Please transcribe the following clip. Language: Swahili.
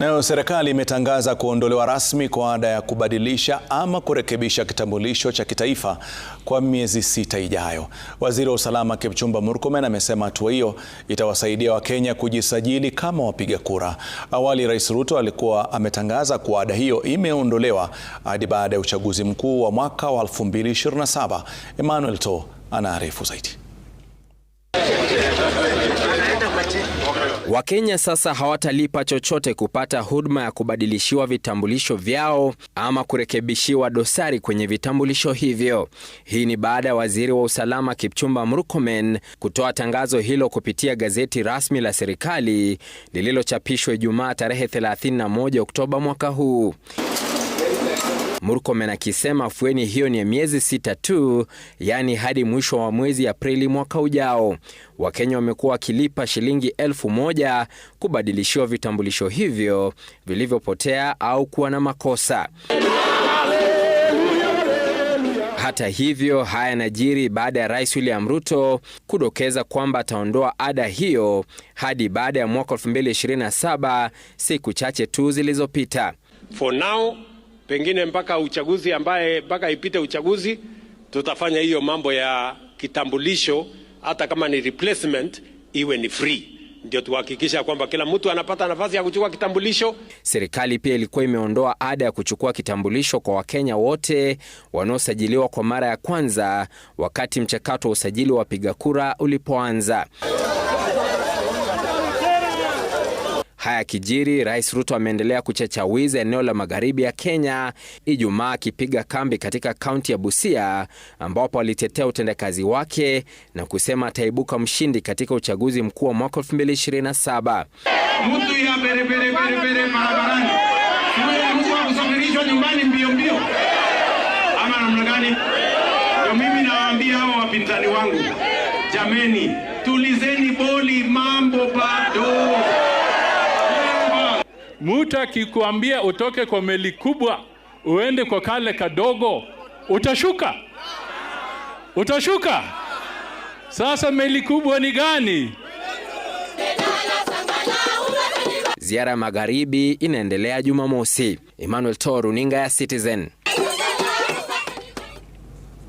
Nayo serikali imetangaza kuondolewa rasmi kwa ada ya kubadilisha ama kurekebisha kitambulisho cha kitaifa kwa miezi sita ijayo. Waziri wa usalama Kipchumba Murkomen amesema hatua hiyo itawasaidia Wakenya kujisajili kama wapiga kura. Awali Rais Ruto alikuwa ametangaza kuwa ada hiyo imeondolewa hadi baada ya uchaguzi mkuu wa mwaka wa 2027. Emmanuel To anaarifu zaidi. Wakenya sasa hawatalipa chochote kupata huduma ya kubadilishiwa vitambulisho vyao ama kurekebishiwa dosari kwenye vitambulisho hivyo. Hii ni baada ya waziri wa usalama Kipchumba Murkomen kutoa tangazo hilo kupitia gazeti rasmi la serikali lililochapishwa Ijumaa tarehe 31 Oktoba mwaka huu. Murkomen akisema afueni hiyo ni miezi sita tu, yaani hadi mwisho wa mwezi Aprili mwaka ujao. Wakenya wamekuwa wakilipa shilingi elfu moja kubadilishiwa vitambulisho hivyo vilivyopotea au kuwa na makosa. Hata hivyo haya yanajiri baada ya rais William Ruto kudokeza kwamba ataondoa ada hiyo hadi baada ya mwaka 2027 siku chache tu zilizopita. For now pengine mpaka uchaguzi ambaye mpaka ipite uchaguzi tutafanya hiyo mambo ya kitambulisho, hata kama ni replacement iwe ni free ndio tuhakikisha kwamba kila mtu anapata nafasi ya kuchukua kitambulisho. Serikali pia ilikuwa imeondoa ada ya kuchukua kitambulisho kwa Wakenya wote wanaosajiliwa kwa mara ya kwanza wakati mchakato wa usajili wa wapiga kura ulipoanza. kijiri, Rais Ruto ameendelea kuchacha wiza eneo la magharibi ya Kenya, Ijumaa akipiga kambi katika kaunti ya Busia, ambapo alitetea utendakazi wake na kusema ataibuka mshindi katika uchaguzi mkuu wa mwaka 2027. Mtu ya bere bere bere bere barabarani, mtu kusafirishwa nyumbani mbio mbio, ama namna gani? Mimi nawaambia wapinzani wangu, jameni, tulizeni boli mambo ba Mtu akikuambia utoke kwa meli kubwa uende kwa kale kadogo, utashuka, utashuka. Sasa meli kubwa ni gani? Ziara ya magharibi inaendelea Jumamosi. Emmanuel Toruninga ya Citizen.